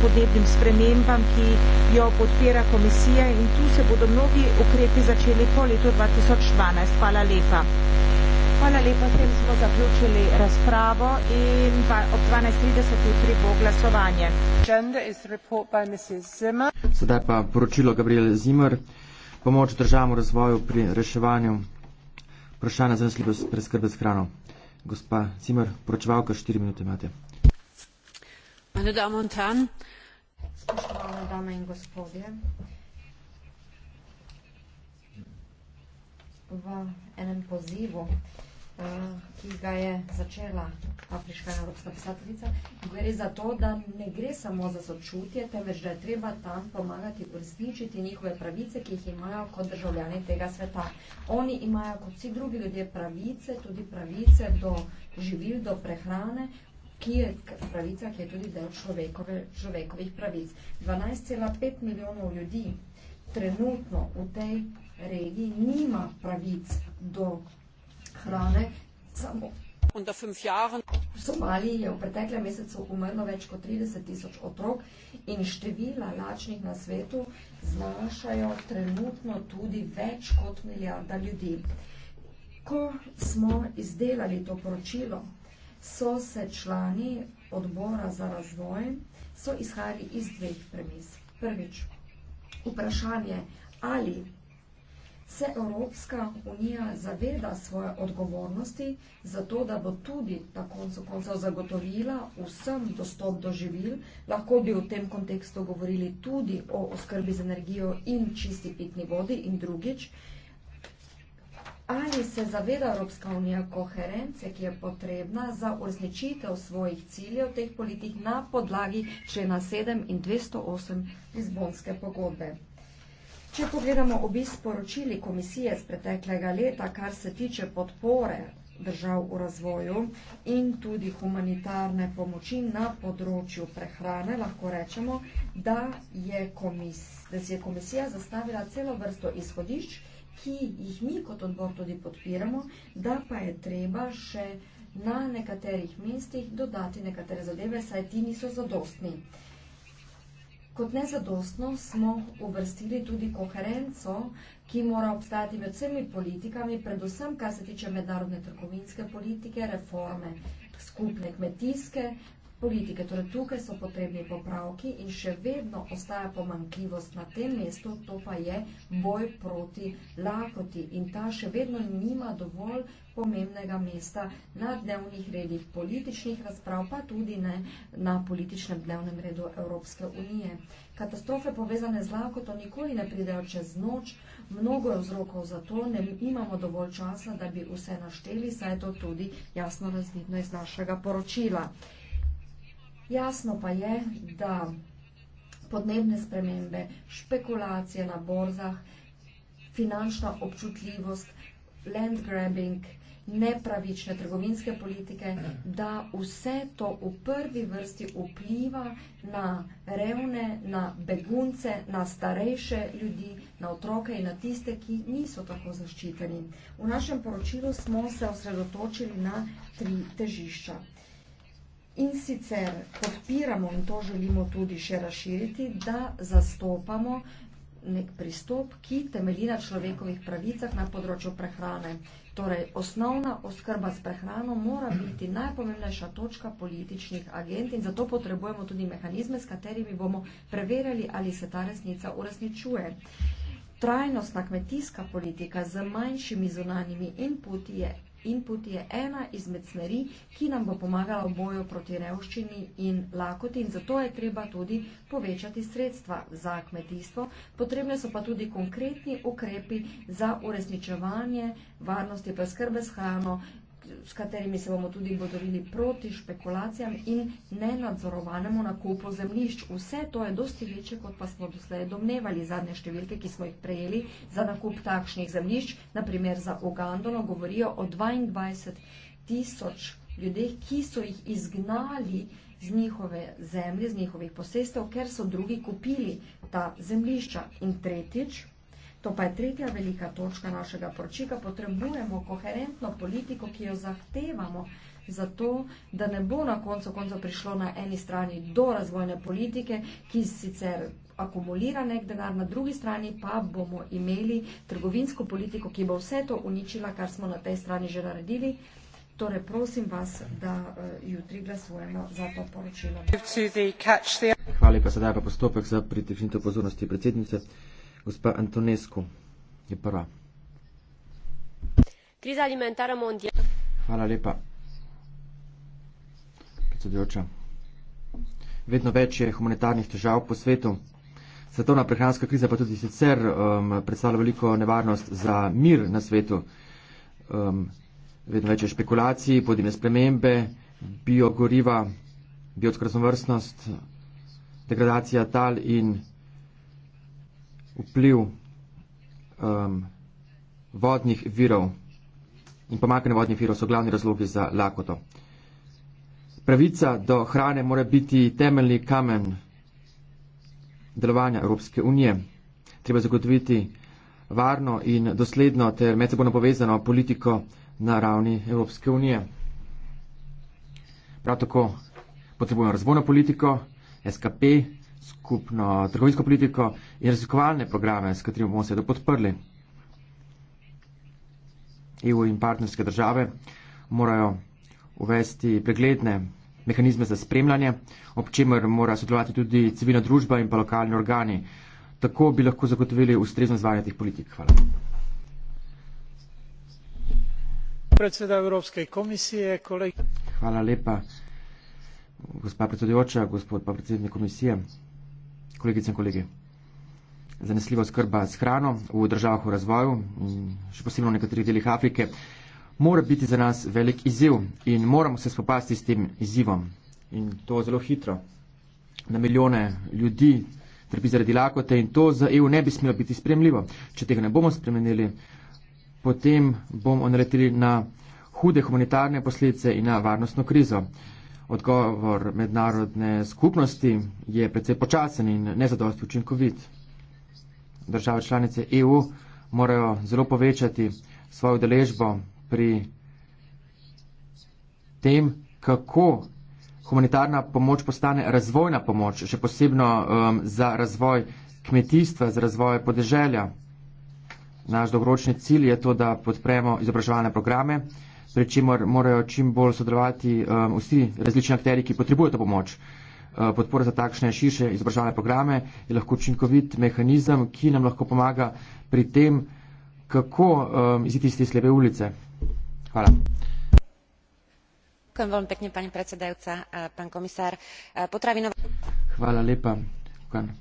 podnebnim spremembam, ki jo podpira komisija in tu se bodo mnogi ukrepi začeli po letu 2012. Hvala lepa. Hvala lepa, tem smo zaključili razpravo in ob 12.30 jutri bo glasovanje. Sedaj pa poročilo Gabriel Zimmer. Pomoč državam v razvoju pri reševanju vprašanja zanesljivosti preskrbe s hrano. Gospa Cimer, poročevalka, štiri minute imate. Meine Damen und Herren, spoštovane dame in gospodje, v enem pozivu, eh, ki ga je začela afriška evropska pisateljica, gre za to, da ne gre samo za sočutje, temveč da je treba tam pomagati uresničiti njihove pravice, ki jih imajo kot državljani tega sveta. Oni imajo kot vsi drugi ljudje pravice, tudi pravice do živil, do prehrane, ki je pravica, ki je tudi del človekove, človekovih pravic. 12,5 milijonov ljudi trenutno v tej regiji nima pravic do hrane, samo. V Somaliji je v preteklem mesecu umrlo več kot 30 tisoč otrok in števila lačnih na svetu znašajo trenutno tudi več kot milijarda ljudi. Ko smo izdelali to poročilo, so se člani odbora za razvoj so izhajali iz dveh premis. Prvič, vprašanje, ali se Evropska unija zaveda svoje odgovornosti za to, da bo tudi na koncu koncev zagotovila vsem dostop do živil, lahko bi v tem kontekstu govorili tudi o oskrbi z energijo in čisti pitni vodi in drugič, Ali se zaveda Evropska unija koherence, ki je potrebna za uresničitev svojih ciljev teh politik na podlagi člena 7 in 208 Lizbonske pogodbe? Če pogledamo obis poročili komisije z preteklega leta, kar se tiče podpore držav v razvoju in tudi humanitarne pomoči na področju prehrane, lahko rečemo, da, je komis, da si je komisija zastavila celo vrsto izhodišč, ki jih mi kot odbor tudi podpiramo, da pa je treba še na nekaterih mestih dodati nekatere zadeve, saj ti niso zadostni. Kot nezadostno smo uvrstili tudi koherenco, ki mora obstajati med vsemi politikami, predvsem kar se tiče mednarodne trgovinske politike, reforme skupne kmetijske, politike. Torej, tukaj so potrebni popravki in še vedno ostaja pomankljivost na tem mestu, to pa je boj proti lakoti in ta še vedno nima dovolj pomembnega mesta na dnevnih redih političnih razprav, pa tudi ne na političnem dnevnem redu Evropske unije. Katastrofe povezane z lakoto nikoli ne pridejo čez noč, mnogo je vzrokov za to, ne imamo dovolj časa, da bi vse našteli, saj je to tudi jasno razvidno iz našega poročila. Jasno pa je, da podnebne spremembe, špekulacije na borzah, finančna občutljivost, land grabbing, nepravične trgovinske politike, da vse to v prvi vrsti vpliva na revne, na begunce, na starejše ljudi, na otroke in na tiste, ki niso tako zaščiteni. V našem poročilu smo se osredotočili na tri težišča. In sicer podpiramo in to želimo tudi še razširiti, da zastopamo nek pristop, ki temelji na človekovih pravicah na področju prehrane. Torej, osnovna oskrba s prehrano mora biti najpomembnejša točka političnih agent in zato potrebujemo tudi mehanizme, s katerimi bomo preverjali, ali se ta resnica uresničuje. Trajnostna kmetijska politika z manjšimi zunanjimi inputi je Input je ena izmed smeri, ki nam bo pomagala v boju proti revščini in lakoti in zato je treba tudi povečati sredstva za kmetijstvo. Potrebne so pa tudi konkretni ukrepi za uresničevanje varnosti preskrbe s hrano, s katerimi se bomo tudi bodorili proti špekulacijam in nenadzorovanemu nakupu zemljišč. Vse to je dosti večje, kot pa smo doslej domnevali zadnje številke, ki smo jih prejeli za nakup takšnih zemljišč. Naprimer za Ugandono govorijo o 22 tisoč ljudeh, ki so jih izgnali z njihove zemlje, z njihovih posestev, ker so drugi kupili ta zemljišča. In tretjič, To pa je tretja velika točka našega poročila. Potrebujemo koherentno politiko, ki jo zahtevamo, zato da ne bo na koncu konca prišlo na eni strani do razvojne politike, ki sicer akumulira nek denar, na drugi strani pa bomo imeli trgovinsko politiko, ki bo vse to uničila, kar smo na tej strani že naredili. Torej, prosim vas, da eh, jutri glasujemo za to poročilo. Hvala lepa, sedaj pa postopek za pritečnito pozornosti predsednice. Gospa Antonescu je prva. Kriza alimentară mondială. Hvala lepa. Predsedujoča. Vedno več je humanitarnih težav po svetu. Svetovna prehranska kriza pa tudi sicer um, predstavlja veliko nevarnost za mir na svetu. Um, vedno več je špekulacij, podine spremembe, biogoriva, biotskrasnovrstnost, degradacija tal in vpliv um, vodnih virov in pomakanje vodnih virov so glavni razlogi za lakoto. Pravica do hrane mora biti temeljni kamen delovanja Evropske unije. Treba zagotoviti varno in dosledno ter medsebojno povezano politiko na ravni Evropske unije. Prav tako potrebujemo razvojno politiko, SKP, skupno trgovinsko politiko in razlikovalne programe, s katerimi bomo seveda podprli. EU in partnerske države morajo uvesti pregledne mehanizme za spremljanje, ob čemer mora sodelovati tudi civilna družba in pa lokalni organi. Tako bi lahko zagotovili ustrezno izvajanje teh politik. Hvala. Predseda Evropske komisije, kolega. Hvala lepa, gospa predsedujoča, gospod pa predsednik komisije kolegice in kolegi. Zanesljiva skrba s hrano v državah v razvoju, še posebej v nekaterih delih Afrike, mora biti za nas velik izziv in moramo se spopasti s tem izzivom. In to zelo hitro. Na milijone ljudi trpi zaradi lakote in to za EU ne bi smelo biti spremljivo. Če tega ne bomo spremenili, potem bomo naleteli na hude humanitarne posledice in na varnostno krizo odgovor mednarodne skupnosti je precej počasen in nezadosti učinkovit. Države članice EU morajo zelo povečati svojo deležbo pri tem, kako humanitarna pomoč postane razvojna pomoč, še posebno um, za razvoj kmetijstva, za razvoj podeželja. Naš dolgoročni cilj je to, da podpremo izobraževalne programe, pri čemer morajo čim bolj sodelovati um, vsi različni akteri, ki potrebujejo pomoč. Uh, podpora za takšne širše izobraževalne programe je lahko učinkovit mehanizem, ki nam lahko pomaga pri tem, kako um, iziti iz te slepe ulice. Hvala. Ďakujem veľmi pekne, pani predsedajúca, pán komisár. Potravinová... Hvala lepa. Kukán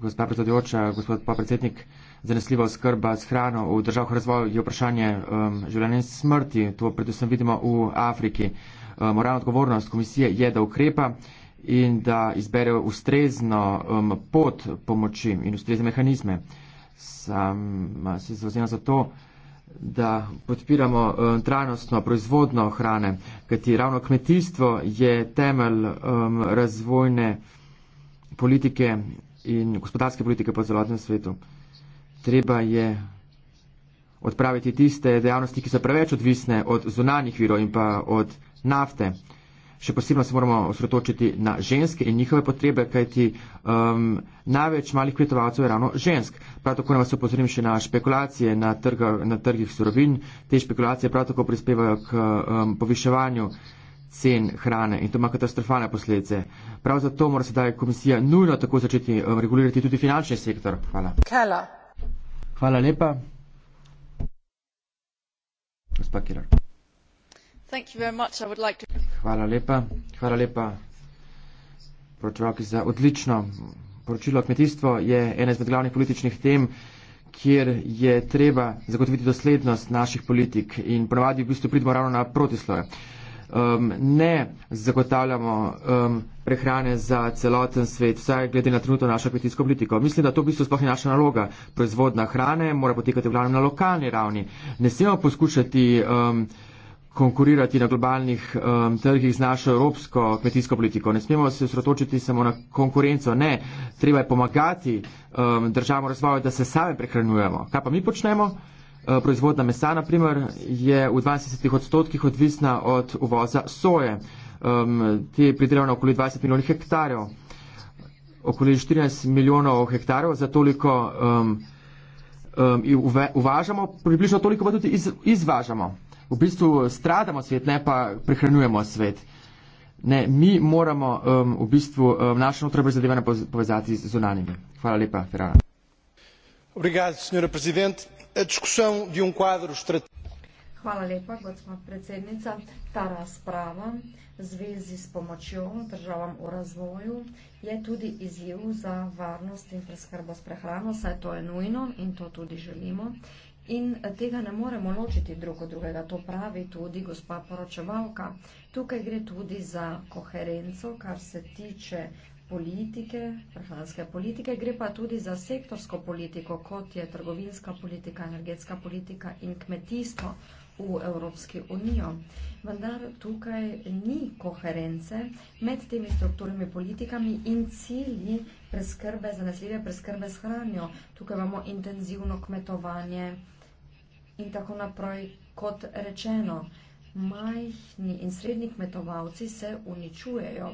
gospod predsedujoča, gospod podpredsednik, zanesljiva oskrba s hrano v državah razvoju je vprašanje um, življenja in smrti. To predvsem vidimo v Afriki. Um, moralna odgovornost komisije je, da ukrepa in da izbere ustrezno um, pot pomoči in ustrezne mehanizme. Sam se zavzema za to, da podpiramo um, trajnostno proizvodno hrane, kajti ravno kmetijstvo je temelj um, razvojne politike in gospodarske politike po celotnem svetu. Treba je odpraviti tiste dejavnosti, ki so preveč odvisne od zunanjih virov in pa od nafte. Še posebno se moramo osredotočiti na ženske in njihove potrebe, kajti um, največ malih kvetovalcev je ravno žensk. Prav tako nas opozorim še na špekulacije na, trga, na trgih surovin. Te špekulacije prav tako prispevajo k um, poviševanju cen hrane in to ima katastrofalne posledice. Prav zato mora sedaj komisija nujno tako začeti um, regulirati tudi finančni sektor. Hvala. Kela. Hvala lepa. Gospa Kirar. Thank you very much. I would like to... Hvala lepa. Hvala lepa. Poročevalki za odlično poročilo. Kmetijstvo je ena izmed glavnih političnih tem, kjer je treba zagotoviti doslednost naših politik in ponavadi v bistvu pridemo ravno na protisloje um, ne zagotavljamo um, prehrane za celoten svet, vsaj glede na trenutno našo kmetijsko politiko. Mislim, da to v bistvu sploh ni naša naloga. Proizvodna hrane mora potekati v glavnem na lokalni ravni. Ne smemo poskušati um, konkurirati na globalnih um, trgih z našo evropsko kmetijsko politiko. Ne smemo se osredotočiti samo na konkurenco. Ne, treba je pomagati um, državam razvoju, da se same prehranjujemo. Kaj pa mi počnemo? Eh, proizvodna mesa, naprimer, je v 20 odstotkih odvisna od uvoza soje. Um, te pridelajo na okoli 20 milijonov hektarjev, okoli 14 milijonov hektarjev, za toliko um, um, uve, uvažamo, približno toliko pa tudi iz, izvažamo. V bistvu stradamo svet, ne pa prehranjujemo svet. Ne, mi moramo um, v bistvu um, naše notranje zadeve povezati z zunanjimi. Hvala lepa, Ferrara. Obrigado, senhor Presidente discussão de um quadro estratégico. Hvala lepa, gospod predsednica. Ta razprava v zvezi s pomočjo državam v razvoju je tudi izjiv za varnost in preskrbo s prehrano, saj to je nujno in to tudi želimo. In tega ne moremo ločiti drug od drugega, to pravi tudi gospa poročevalka. Tukaj gre tudi za koherenco, kar se tiče politike, prehranske politike, gre pa tudi za sektorsko politiko, kot je trgovinska politika, energetska politika in kmetijstvo v Evropski uniji. Vendar tukaj ni koherence med temi strukturnimi politikami in cilji preskrbe, zanesljive preskrbe s hranjo. Tukaj imamo intenzivno kmetovanje in tako naprej, kot rečeno. Majhni in srednji kmetovalci se uničujejo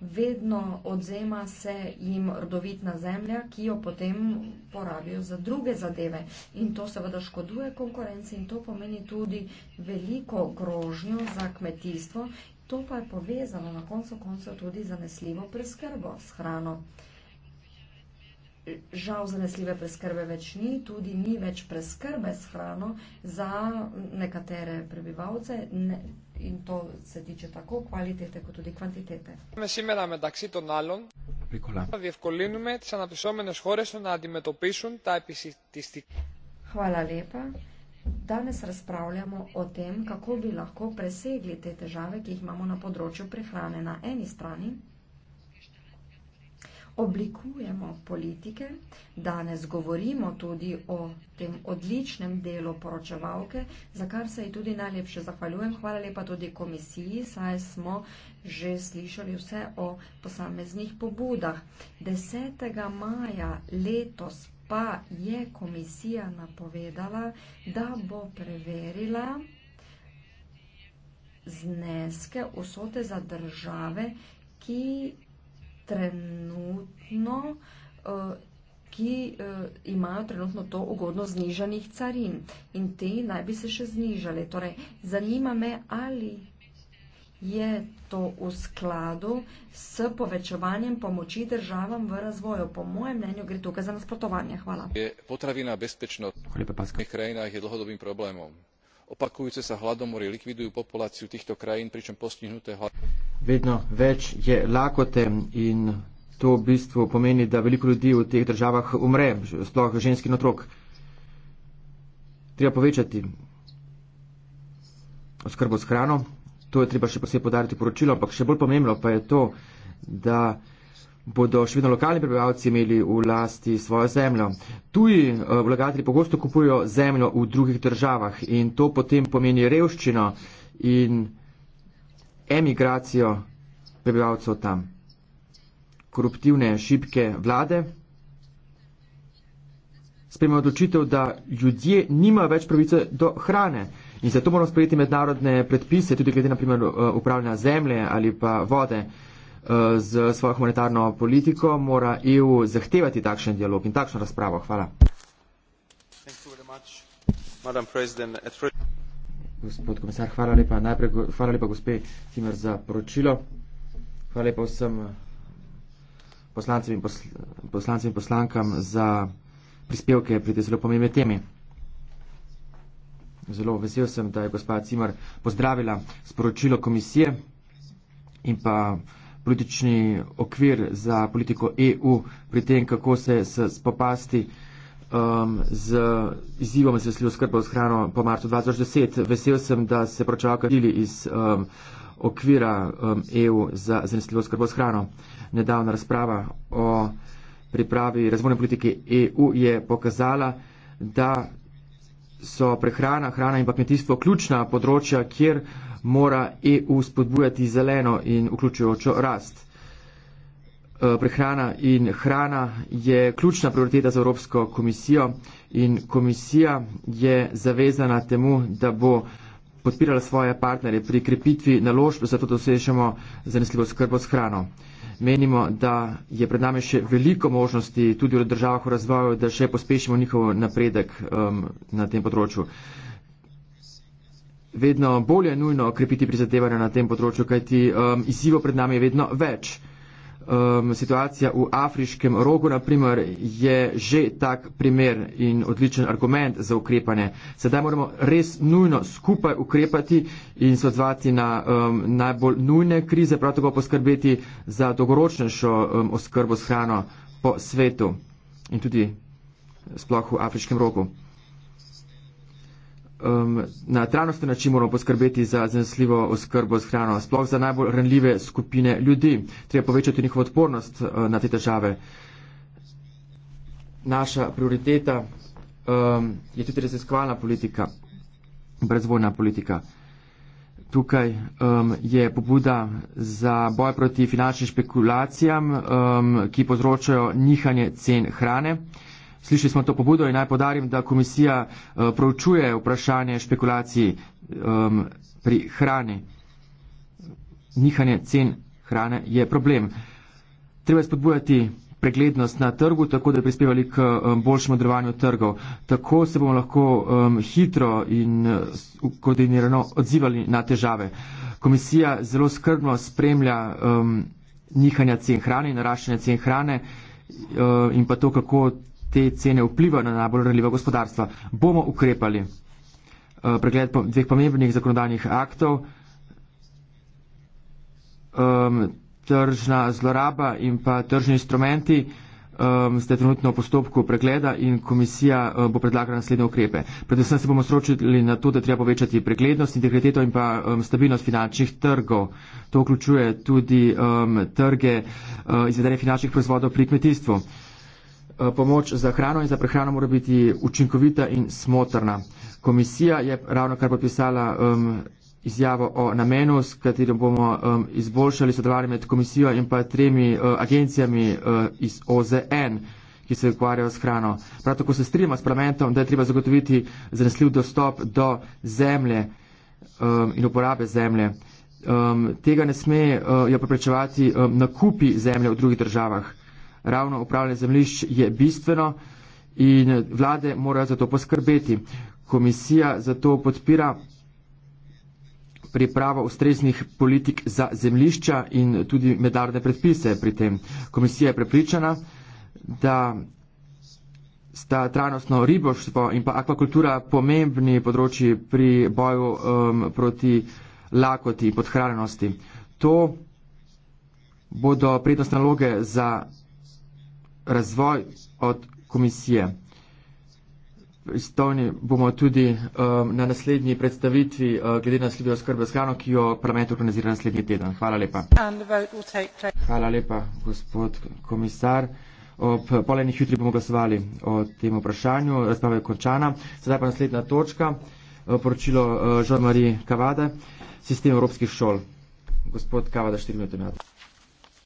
vedno odzema se jim rodovitna zemlja, ki jo potem porabijo za druge zadeve. In to seveda škoduje konkurenci in to pomeni tudi veliko grožnjo za kmetijstvo. To pa je povezano na koncu koncev tudi zanesljivo preskrbo s hrano. Žal zanesljive preskrbe več ni, tudi ni več preskrbe s hrano za nekatere prebivalce. Ne, in to se tiče tako kvalitete kot tudi kvantitete. Σήμερα μεταξύ των άλλων θα διευκολύνουμε τις αναπτυσσόμενες χώρες να αντιμετωπίσουν τα επιστημικά. Χαλά λίπα. Danes razpravljamo o tem, kako bi lahko presegli te težave, ki jih imamo na področju prehrane na eni strani oblikujemo politike. Danes govorimo tudi o tem odličnem delu poročevalke, za kar se ji tudi najlepše zahvaljujem. Hvala lepa tudi komisiji, saj smo že slišali vse o posameznih pobudah. 10. maja letos pa je komisija napovedala, da bo preverila zneske vsote za države, ki trenutno, eh, ki eh, imajo trenutno to ugodno znižanih carin in te naj bi se še znižale. Torej, zanima me, ali je to v skladu s povečevanjem pomoči državam v razvoju. Po mojem mnenju gre tukaj za nasprotovanje. Hvala. Je potravina bezpečnost v nekaterih krajinah je dlhodobim problémom. Opakujúce sa hladomory likvidujú populáciu týchto krajín, pričom postihnuté hladomory vedno več je lakote in to v bistvu pomeni, da veliko ljudi v teh državah umre, sploh ženski in otrok. Treba povečati oskrbo s hrano, to je treba še posebej podariti poročilo, ampak še bolj pomembno pa je to, da bodo še vedno lokalni prebivalci imeli v lasti svojo zemljo. Tuji eh, vlagatelji pogosto kupujo zemljo v drugih državah in to potem pomeni revščino in revščino emigracijo prebivalcev tam. Koruptivne šibke vlade sprejme odločitev, da ljudje nima več pravice do hrane in zato moramo sprejeti mednarodne predpise, tudi glede na primer eh, upravljanja zemlje ali pa vode. Eh, z svojo humanitarno politiko mora EU zahtevati takšen dialog in takšno razpravo. Hvala. Thank you very much, gospod komisar, hvala lepa najprej, hvala lepa gospe Timer za poročilo. Hvala lepa vsem eh, poslancem in, posl poslancem in poslankam za prispevke pri te zelo pomembne temi. Zelo vesel sem, da je gospa Cimer pozdravila sporočilo komisije in pa politični okvir za politiko EU pri tem, kako se spopasti uh, um, z izzivom za slivo skrbo z hrano po martu 2010. Vesel sem, da se pročavka dili iz um, okvira um, EU za zanesljivo skrbo z hrano. Nedavna razprava o pripravi razvojne politike EU je pokazala, da so prehrana, hrana in pa kmetijstvo ključna področja, kjer mora EU spodbujati zeleno in vključujočo rast. Eh, prehrana in hrana je ključna prioriteta za Evropsko komisijo in komisija je zavezana temu, da bo podpirala svoje partnerje pri krepitvi naložb, zato da dosežemo zanesljivo skrbo s hrano. Menimo, da je pred nami še veliko možnosti tudi v državah v razvoju, da še pospešimo njihov napredek um, na tem področju. Vedno bolje je nujno krepiti prizadevanja na tem področju, kajti um, izzivo pred nami je vedno več um, situacija v afriškem rogu, naprimer, je že tak primer in odličen argument za ukrepanje. Sedaj moramo res nujno skupaj ukrepati in se odzvati na um, najbolj nujne krize, prav tako poskrbeti za dolgoročnejšo um, oskrbo s hrano po svetu in tudi sploh v afriškem rogu um, na trajnosten način moramo poskrbeti za zanesljivo oskrbo z hrano, sploh za najbolj ranljive skupine ljudi. Treba povečati njihovo odpornost uh, na te težave. Naša prioriteta um, je tudi raziskovalna politika, brezvojna politika. Tukaj um, je pobuda za boj proti finančnim špekulacijam, um, ki povzročajo nihanje cen hrane. Slišali smo to pobudo in naj podarim, da komisija uh, eh, pravčuje vprašanje špekulacij um, pri hrani. Nihanje cen hrane je problem. Treba spodbujati preglednost na trgu, tako da bi prispevali k um, boljšemu drvanju trgov. Tako se bomo lahko um, hitro in uh, koordinirano odzivali na težave. Komisija zelo skrbno spremlja um, nihanja cen hrane, naraščanje cen hrane uh, in pa to, kako te cene vplivajo na najbolj ranljiva gospodarstva. Bomo ukrepali. Eh, pregled dveh pomembnih zakonodajnih aktov, ehm, tržna zloraba in pa tržni instrumenti ehm, ste trenutno v postopku pregleda in komisija eh, bo predlagala naslednje ukrepe. Predvsem se bomo sročili na to, da treba povečati preglednost, integriteto in pa ehm, stabilnost finančnih trgov. To vključuje tudi trge eh, izvedenja finančnih proizvodov pri kmetijstvu. Eh, pomoč za hrano in za prehrano mora biti učinkovita in smotrna. Komisija je ravno kar podpisala um, izjavo o namenu, s katerim bomo um, izboljšali sodelovanje med komisijo in pa tremi uh, agencijami uh, iz OZN, ki se ukvarjajo s hrano. Prav tako se strinjamo s parlamentom, da je treba zagotoviti zanesljiv dostop do zemlje um, in uporabe zemlje. Um, tega ne smejo uh, preprečevati um, nakupi zemlje v drugih državah ravno upravljanje zemljišč je bistveno in vlade morajo za to poskrbeti. Komisija zato podpira pripravo ustreznih politik za zemljišča in tudi mednarodne predpise pri tem. Komisija je prepričana, da sta trajnostno riboštvo in pa akvakultura pomembni področji pri boju um, proti lakoti in podhranjenosti. To bodo prednostne naloge za razvoj od komisije. Pristojni bomo tudi um, na naslednji predstavitvi uh, glede na slibijo skrbe z hrano, ki jo parlament organizira naslednji teden. Hvala lepa. Hvala lepa, gospod komisar. Ob polenih jutri bomo glasovali o tem vprašanju. Razprava je končana. Sedaj pa naslednja točka. Uh, poročilo Žan-Marie uh, Kavade, sistem evropskih šol. Gospod Kavada, 4 minute imate.